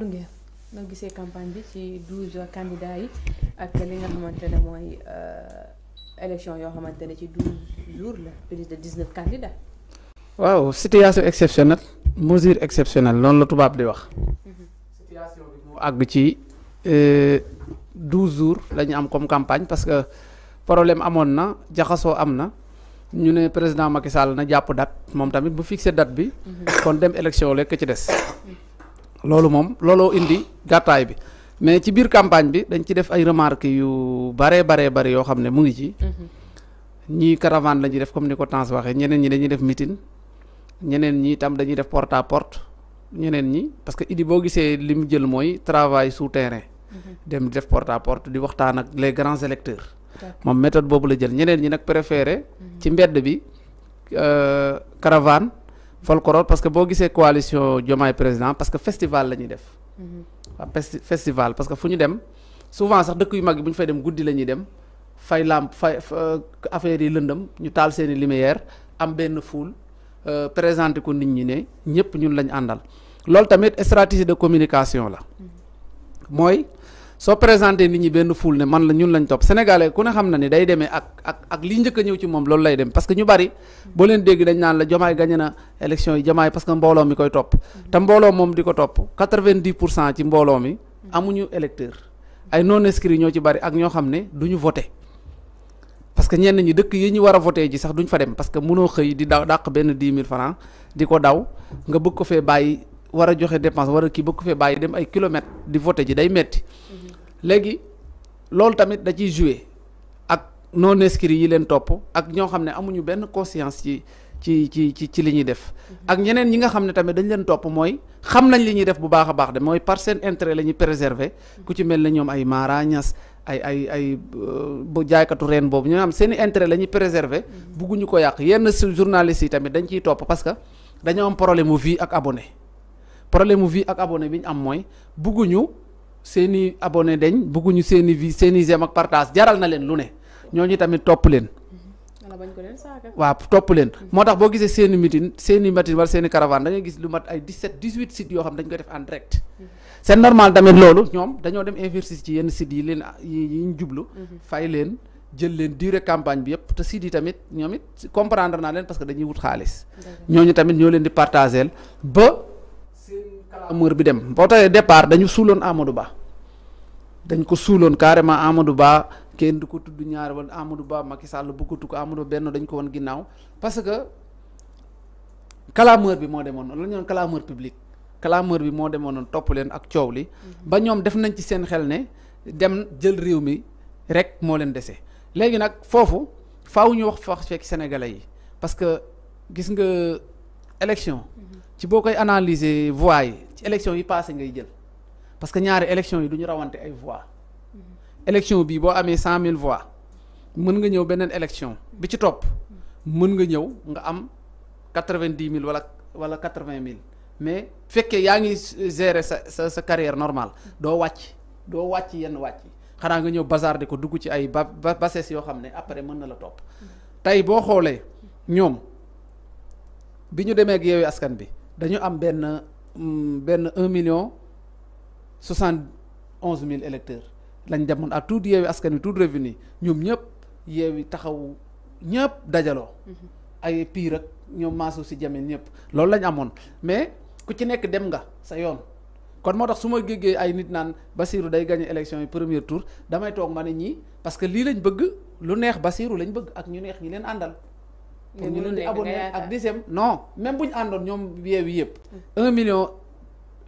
Fatou Nguer gisee campagne bi ci douze candidats yi ak li nga xamante ne mooy euh, yoo xamante ne ci la plus de dix neuf candidats. waaw situation exceptionnelle mesure exceptionnelle loolu la tubaab di wax. situation bi mu àgg ci euh, jours la ñu am comme campagne parce que problème amoon na jaxasoo am na. ñu ne président Macky Sall na jàpp date moom tamit bu fixé date bi. Mhm. kon dem élection lekk ci des. Mhm. loolu moom looloo indi gàttaay bi mais ci biir campagne bi dañ ci def ay remarques yu baree baree bari yoo xam ne mu ngi ci. Mhm. ñii caravane la ñuy def comme ni ko Tans waxee ñeneen ñi dañuy def meeting ñeneen ñi itam dañuy def porte à ñeneen ñi parce que idi boo gisee li mu jël mooy travail sous terrain. Mhm. dem di def porte à porte di waxtaan ak les grands électeurs. moom méthode boobu la jël ñeneen ñi nag préféré. Mhm. ci mbedd bi euh, caravane. folklore parce que boo gisee coalition Diomaye président parce que festival la ñuy def. Mhm. waaw festival parce que fu ñu dem souvent sax dëkk yu mag yi bu ñu fay dem guddi la ñuy dem fay làmp fay euh, affaire yi lëndëm ñu taal seeni lumière am benn foule euh, présenter ko nit ñi ne ñëpp ñun lañ àndal loolu tamit stratégie de communication la mhm. mooy. soo présenté nit ñi benn foule ne man la ñun lañ topp sénégalais ku ne xam na ni day deme ak ak ak li njëkk a ñëw ci moom loolu lay dem parce que ñu bari boo leen dégg dañ naan la jomaay gagné na élection yi jomaay parce que mbooloo mi koy topp te mbooloo moom di ko topp quatre-vingt-dix pour cent ci mbooloo mi amuñu électeur ay non inscrits ñoo ci bari ak ñoo xam ne duñu voté parce que ñenn ñi dëkk yi ñu war a voté ji sax duñ fa dem parce que mënoo xëy di daw dàq benn dix mille francs di ko daw nga bëgg ko fee bàyyi war a joxe dépense war kii bëgg fee bàyyi dem ay kilomètres di voté ji day metti léegi loolu tamit da ciy jouer ak non inscrits yi leen topp ak ñoo xam ne amuñu benn conscience ci ci ci ci ci li ñuy def mhm. ak ñeneen ñi nga xam ne tamit dañ leen topp mooy xam nañ li ñuy def bu baax a baax de mooy par seen intérêt la ñuy préserver mhm. ku ci mel ne ñoom ay Mara ay ay ay euh, bu jaaykatu reen boobu ñoo xam seen i intérêt la ñuy préserver mhm. bugguñu ko yàq yenn journalistes yi tamit dañ ciy topp parce que dañoo am problème mu vie ak abone problème mu vie ak abonné bi ñu am mooy bugguñu seen i abonné dañ bëgguñu seen i vi ak partage jaral na leen lu ne ñooñu tamit topp leen. Mm-hmm. waaw topp leen mm-hmm. moo tax boo gisee seen i meeting seen i meeting wala seen i caravane da ngay gis lu mat ay 17 18 sites yoo xam dañ koy def en direct. Mm-hmm. c'est normal tamit loolu ñoom dañoo dem investir ci yenn sites yi leen yi ñu jublu. fay leen jël leen durée campagne bi yëpp te sites yi tamit ñoom it comprendre naa leen parce que dañuy wut xaalis. ñooñu amur bi dem boo tawee départ dañu suuloon Amadou Ba dañ ko suuloon carrément Amadou Ba kenn du ko tudd ñaar wala Amadou Ba Macky Sall bëggatu ko Amadou benn dañ ko woon ginnaaw parce que clameur bi moo demoon noonu la ñu doon clameur public clameur bi moo demoon topp leen ak coow li mhm. ba ñoom def nañ ci seen xel ne dem jël réew mi rek moo leen dese léegi nag foofu faw ñu wax fax fekk sénégalais yi parce que gis nga élection mhm. ci boo koy analyser voix yi ci yi passé ngay jël parce que ñaari élection yi duñu rawante ay voix élection bii boo amee cent mille voix mën nga ñëw beneen élection bi ci topp mën nga ñëw nga am quatre vingt di mille wala wala quatre vingt mille mais fekkee yaa ngi gérer sa sa sa carrière normal doo wàcc doo wàcc yenn wàcc xanaa nga ñëw bazarder ko dugg ci ay ba bases yoo xam ne après mën na la topp tey boo xoolee ñoom bi ñu demee ak Yewwi Askan bi dañu am benn. Hmm, benn un million soixante onze mille électeurs lañ demoon ak tout yeewi askan wi tout revenu ñoom ñëpp yeewi taxaw ñëpp dajaloo. Mm-hmm. ay piir ak ñoom maasu si jamel ñëpp loolu lañ amoon mais ku ci nekk dem nga sa yoon kon moo tax su ma géggee ay nit naan Basirou day gagné élection yi premier tour damay toog ma ne ñi parce que lii lañ bëgg lu neex Basirou lañ bëgg ak ñu neex ñi leen àndal. pour ñu leen di abonné ak dixième non même bu ñu àndoon ñoom yeewi yëpp un million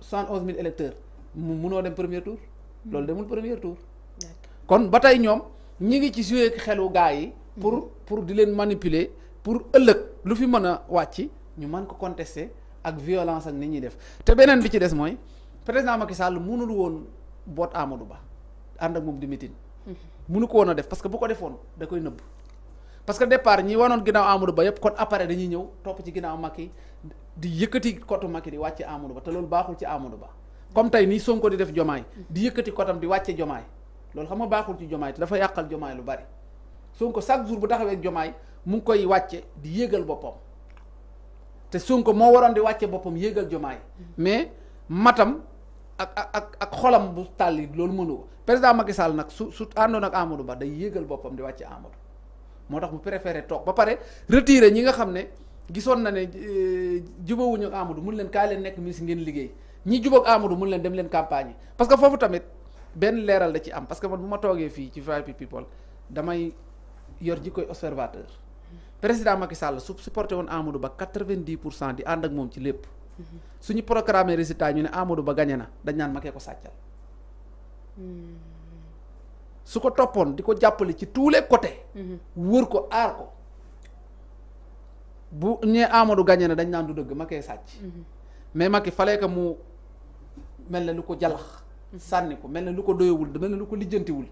cent onze mille électeurs mu munoo dem premier tour hmm. loolu demul premier tour kon ba tey ñoom ñi ngi ci suye xelu gaa yi pour hmm. pour di leen manipuler pour ëllëg lu fi mën a wàcc ñu mën ko contester ak violence ak ni ñuy def te beneen bi ci des mooy président Macky Sall mënul woon boot Amadou Ba ànd ak moom di mitin hmm. mënu ko woon a def parce que bu ko defoon da koy nëbb parce que départ ñi wanoon ginnaaw Amadou Ba yëpp kon après dañuy ñëw topp ci ginnaaw Macky di yëkkati kotu Macky di wàcce Amadou Ba te loolu baaxul ci Amadou Ba comme tey nii Sonko di def jomaay di yëkkati kotam di wàcce jomaay loolu xam nga baaxul ci jomaay te dafa yàqal lu bari Sonko chaque jour bu taxawee jomaay mu ngi koy wàcce di yéegal boppam te Sonko moo waroon di wàcce boppam yéegal jomaay mais matam ak ak ak ak xolam bu tàlli loolu mënu ko président Macky nag su su àndoon ak Amadou Ba day yéegal boppam di wàcce Amadou moo tax mu préféré toog ba pare retiré ñi nga xam ne gisoon na ne euh, jubawuñu ak Amadou mun leen kaay leen nekk ministre ngeen liggéey ñi jubóog Amadou mun leen dem leen campagne parce que foofu tamit benn leeral da ci am parce que man bu ma toogee fii ci VIP people damay yor jikkoy observateur président Macky Sall su supporté woon Amadou Ba quatre-vingt-dix pour cent di ànd ak moom ci lépp mhm. suñu programme résultat ñu ne Amadou Ba gagné na dañ naan Macky ko sàccal hmm. su ko toppoon di ko jàppale ci tous les côtés. Mhm. wër ko aar ko bu ñee Amadou gagné na dañ naan du dëgg Macky sàcc. Mhm. mais Macky fallait que mu mel na lu ko jalax. Mhm. sànni ko mel na lu ko doyowul mel ne lu ko lijjantiwul.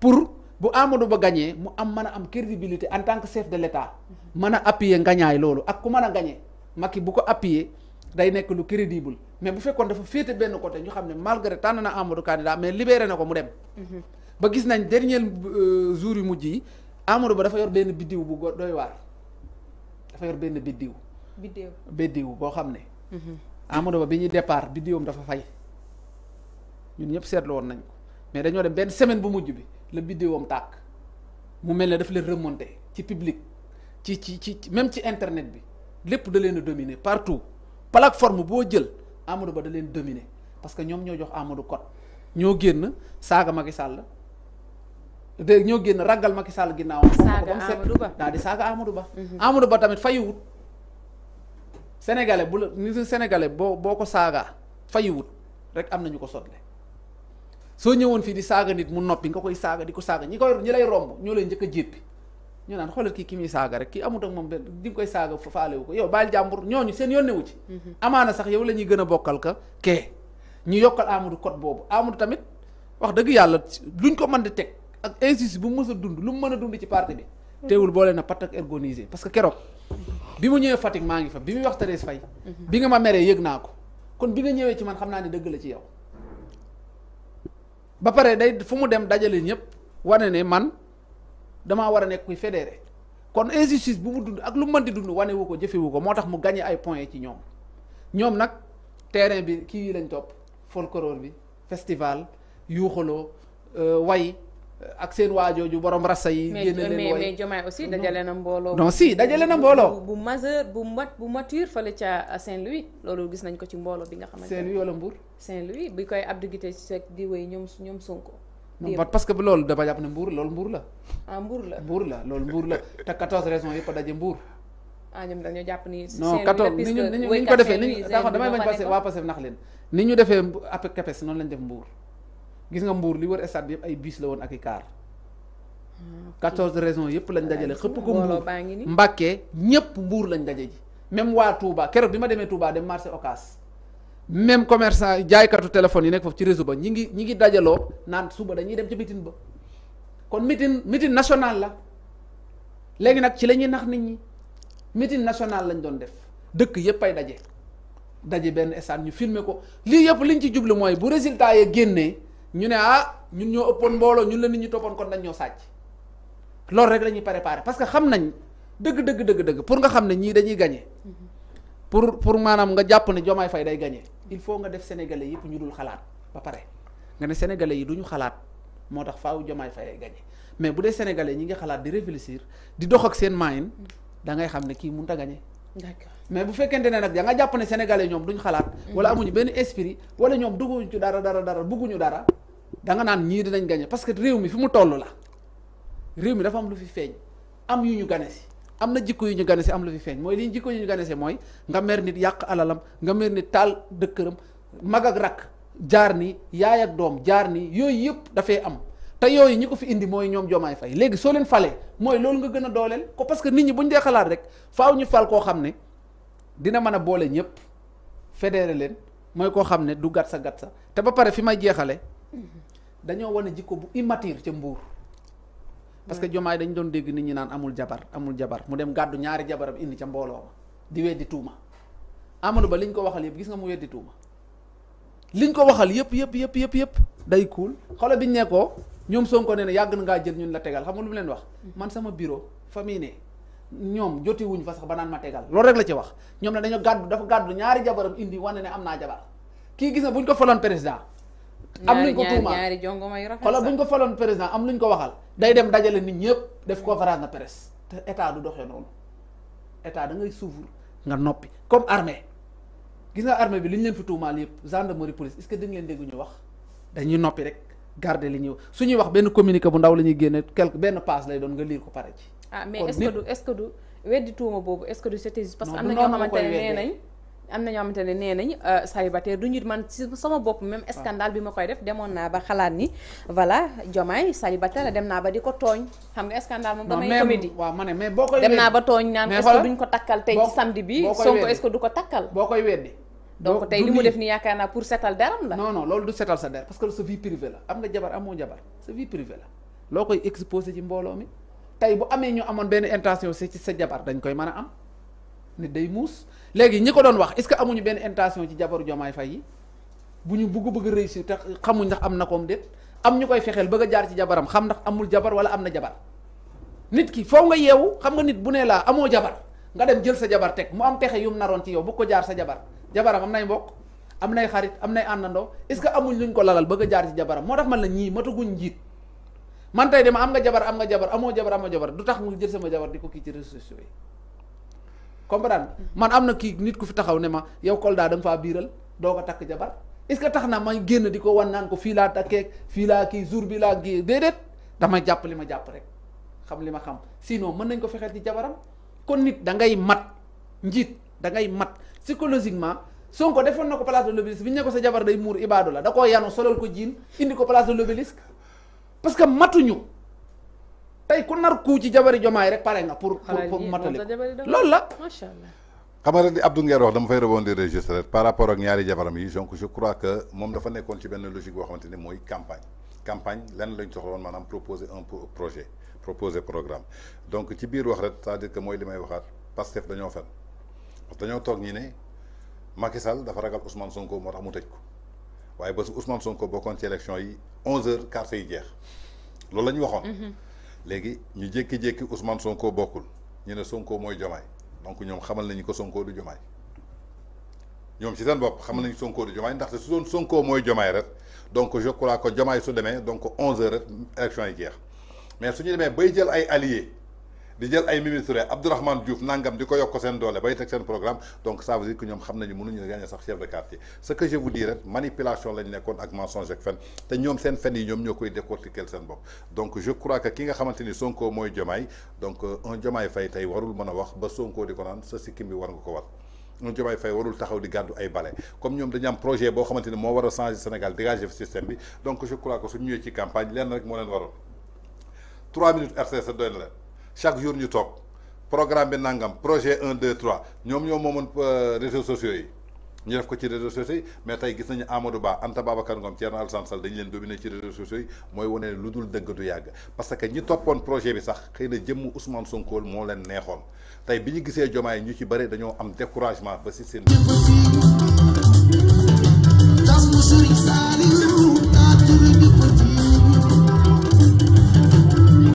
pour bu Amadou ba gañee mu am mën a am crédibilité en tant que chef de l' état. mën a appuyer ngañaay loolu ak ku mën a gagné Macky bu ko appuyer day nekk lu crédible mais bu fekkoon dafa féete benn côté ñu xam ne malgré tànn na Amadou candidat mais libéré na ko mu dem. ba gis nañ dernier euh, jour yu mujj yi Amadou Ba dafa yor benn biddiw bu go doy waar dafa yor benn biddiw. biddiw biddiw boo xam ne. Mhm. Amadou Ba bi ñuy départ biddiwam dafa fay ñun ñëpp seetlu woon nañ mais dañoo dem benn semaine bu mujj bi la biddiwam tàkk mu mel ne daf leen remonté ci public ci ci ci même ci internet bi lépp da leen a partout plateforme boo jël Amadou Ba da leen dominé parce que ñoom ñoo jox Amadou code ñoo génn saaga Macky sàll de ñoo génn ragal Macky Sall ginnaaw. saaga Amadou Ba daal di saaga Amadou mhm. ni Sénégalais boo boo ko saaga fayiwut rek am na ko sotle ñëwoon fii di saaga nit mu noppi nga koy saaga di ko saaga ñi koy ñi romb ñoo lay njëkk a ñu naan xoolal kii ki saaga rek kii amut ak moom benn di nga koy saaga faalewu ko yow baal jàmbur ñu seen yónne wu ci. Mhm. amaana sax yow la ñuy gën a bokkal ka kee ñu yokkal Amadou code boobu Amadou tamit wax dëgg yàlla luñ ko mën di teg. ak injustice bu mu mës a dund lu mu mën a dund ci parti bi teewul boole na pat ak organisé parce que keroog bi mu ñëwee Fatick maa ngi fa bi muy wax Thérèse Faye bi nga ma meree yëg naa ko kon bi nga ñëwee ci man xam naa ni dëgg la ci yow ba pare day fu mu dem dajale ñëpp wane ne man damaa war a nekk kuy fédéré kon injustice bu mu dund ak lu mu mën di dund wanewu ko jëfewu ko moo tax mu gagné ay points ci ñoom ñoom nag terrain bi kii lañ topp folklore bi festival yuuxaloo euh, way ak seen waajooju borom rasa yi. génne leen mais Diomaye mbooloo. non si dajale na mbooloo. bu majeur bu mat bu mature fële ca Saint-Louis loolu gis nañ ko ci mbooloo bi nga xam ne. Saint-Louis wala Mbour. Saint-Louis bi koy Abdou Guité Seck di wéy ñoom ñoom Sonko. parce que loolu dafa jàpp ne Mbour loolu Mbour la. ah Mbour la Mbour la loolu Mbour la te 14 régions yëpp a daje Mbour. ah ñoom dañoo jàpp ni. non ñu ko defee ni ñu damay bañ nax leen ni ñu defee après Kepes noonu lañ def Mbour gis nga mbuur li wër stade bi yëpp ay biis la woon ak i kaar. 14 ah, raisons yëpp lañ ah, dajale xëpp ko mbuur Mbàkke ñëpp mbuur lañ daje ji. même waa Touba keroog bi ma demee Touba dem marché ocas même commerçant jaaykatu téléphone yi nekk foofu ci réseau ba ñi ngi ñi ngi dajaloo naan suba dañuy dem ci mitin ba kon mitin mitin national la léegi nag ci lañuy nax nit ñi mitin national lañ doon def dëkk yëpp ay daje daje benn stade ñu filmer ko lii yëpp liñ ci jublu mooy bu résultat yee génnee. ñu ne ah ñun ñoo ëppoon mbooloo ñun la nit ñu toppoon kon dañ ñoo sàcc loolu rek la ñuy préparé parce que xam nañ dëgg dëgg dëgg dëgg pour nga xam ne ñii dañuy gañe mm-hmm. pour pour maanaam nga jàpp ne Jomaay Fay day gañe il faut nga def sénégalais yëpp ñu dul xalaat ba pare nga ne sénégalais yi du ñu xalaat moo tax faaw Jomaay Fay ay gagné mais bu dee sénégalais ñi nga xalaat di réfléchir di dox ak seen moyen mm-hmm. da xam ne kii mënut a d'accord mais bu fekkente ne nag danga nga jàpp ne ñoom duñ xalaat. Mm-hmm. wala amuñu benn esprit wala ñoom dugguñu ci dara dara dara bugguñu dara danga naan ñii dinañ gañe parce que réew mi fi mu toll la réew mi dafa am lu fi feeñ am yu ñu gane am na jikko yu ñu gane am lu fi feeñ mooy li ñu jikko yu ñu gane mooy nga mer nit yàq alalam nga mer nit taal dëkkëram mag ak rakk jaar ni yaay ak doom jaar ni yooyu yëpp dafay am. te yooyu ñi ko fi indi mooy ñoom jomaay Faye léegi soo leen falee mooy loolu nga gën a dooleel ko parce que nit ñi bu ñu dee xalaat rek faaw ñu fal koo xam ne dina mën a boole ñëpp federe leen mooy koo xam ne du gàtt sa gàtt sa te ba pare fi may jeexale dañoo wane jikko bu immature ca mbuur parce que Diomaye dañ doon dégg nit ñi naan amul jabar amul jabar mu dem gàddu ñaari jabaram indi ca mbooloo ma di weddi tuuma Amadou Ba liñ ko waxal yëpp gis nga mu weddi tuuma liñ ko waxal yëpp yëpp yëpp yëpp yëpp day kuul xoolal biñ ne ko ñoom Sonko nee na yàgg na ngaa jël ñun la tegal xam nga lu mu leen wax mm. man sama bureau famille ne ñoom joti wuñ fa sax ba naan ma tegal loolu rek la ci wax ñoom ne dañoo gàddu dafa gàddu ñaari jabaram indi wane ne am naa jabar kii gis na bu ñu ko faloon président am luñ ko tuuma xolo bu ñu ko faloon président am luñ ko waxal day dem dajale nit ñëpp def mm. conférence de presse te état du doxee noonu état da ngay suufur nga noppi comme armée gis nga armée bi li ñu leen fi tuumaal yëpp gendarmerie police est que dañ leen dégg ñu wax dañuy noppi rek garde li ñuy su ñuy wax benn communiqué bu ndaw la ñuy génne quelque benn passe lay doon nga lire ko pare ci. ah mais est-ce que du est-ce que du weddi tuuma boobu est xamante ne nee nañ. am na ñoo xamante euh, man ci sama bopp même scandale bi ma koy def demoon naa ba xalaat ni voilà Diomaye célibataire la mm. dem naa ba di ko tooñ xam nga scandale moom damay comédie boo koy dem naa ba tooñ naan est duñ ko takkal tey ci samedi bi Sonko est-ce ko takkal boo koy weddi donc tey li mu def ni yaakaar naa pour setal deram la. non non loolu du setal sa der parce que sa vie privée la am nga jabar amoo jabar sa vie privée la loo koy exposé ci mbooloo mi tey bu amee ñu amoon benn intention ci sa jabar dañ koy mën a am nit day muus léegi ñi ko doon wax est-ce amuñu benn intention ci jabaru Jomaay Fay bu ñu bugg bëgg réussir te xamuñ ndax am na koom déet am ñu koy fexeel bëgg a jaar ci jabaram xam ndax amul jabar wala am na jabar nit ki foo nga yeewu xam nga nit bu nee laa amoo jabar nga dem jël sa jabar teg mu am pexe yum naroon ci yow bu ko jaar sa jabar jabaram am nay mbokk am nay xarit am nay àndandoo est ce que amuñ luñ ko lalal bëgg a jaar ci jabaram moo tax man la ñii mataguñ njiit man tey dem am nga jabar am nga jabar amoo jabar amoo jabar du tax mu jël sama jabar di ko kii ci réseaux sociaux yi comprendre man am na kii nit ku fi taxaw ne ma yow Kolda da nga faa biiral doo ko takk jabar est ce que tax na may génn di ko wan naan ko fii laa takkee fii laa kii jour bi laa kii déedéet damay jàpp li ma jàpp rek xam li ma xam sinon mën nañ ko fexeel ci jabaram kon nit da ngay mat njiit da ngay mat psychologiquement ko defoon na ko place de bi ñu ne ko sa jabar day muur ibaadu la da koo yanu solal ko jiin indi ko place de parce que matuñu tey ku nar kuu ci jabari jomaay rek pare nga pour pour matali loolu la macha allah xam nga rek di Abdou Nguer wax dama fay rebondir registre par rapport ak ñaari jabaram yi donc je crois que moom dafa nekkoon ci benn logique boo xamante ne mooy campagne campagne lan lañ soxla woon maanaam proposer un projet proposer programme donc ci biir wax rek c'est-à-dire mooy li may waxaat Pastef dañoo fen parce dañoo toog ñi ne Macky Sall dafa ragal Ousmane Sonko moo tax mu tëj ko waaye ba su Ousmane Sonko bokkoon ci élection yi 11h carte yi jeex loolu la ñu waxoon. Mm-hmm. léegi ñu jékki-jékki Ousmane Sonko bokkul ñu ne Sonko mooy Jomaay donc ñoom xamal nañu ko Sonko du Jomaay ñoom ci seen bopp xamal nañu Sonko du Jomaay ndaxte su doon Sonko mooy Jomaay rek donc je crois que Jomaay su demee donc 11h rek élection yi jeex mais su ñu demee bay jël ay alliés. di jël ay Mimi Touré Abdourahmane Diouf di ko yokk seen doole bay teg seen programme donc ça veut dire que ñoom xam nañu mënuñu gagner sax chef de quartier ce que je vous dis manipulation lañ nekkoon ak mensonge fen te ñoom seen fen yi ñoom ñoo koy décortiquer seen bopp donc je crois que ki nga xamante ni Sonko mooy Diomaye donc euh, un Diomaye Faye tey warul mën a wax ba Sonko di ko naan sa sikkim bi war nga ko war un Diomaye Faye warul taxaw di gàddu ay bale comme ñoom dañu am projet boo xamante ni moo war a changer Sénégal dégager système bi donc campagne leen waroon trois minutes RCC doy na la chaque jour ñu toog programme bi nangam projet un deux trois ñoom ñoo moomoon euh, réseaux sociaux yi ñu def ko ci réseaux sociaux yi mais tey gis nañu Amadou Ba Anta Babacar Ngom Thierno Alassane Sall dañu leen dominé ci réseaux sociaux yi mooy wone lu dul dëgg du yàgg parce que ñi toppoon projet bi sax xëy na jëmm Ousmane sonkool moo leen neexoon tey bi ñu gisee yi ñu ci bëri dañoo am découragement ba si seen.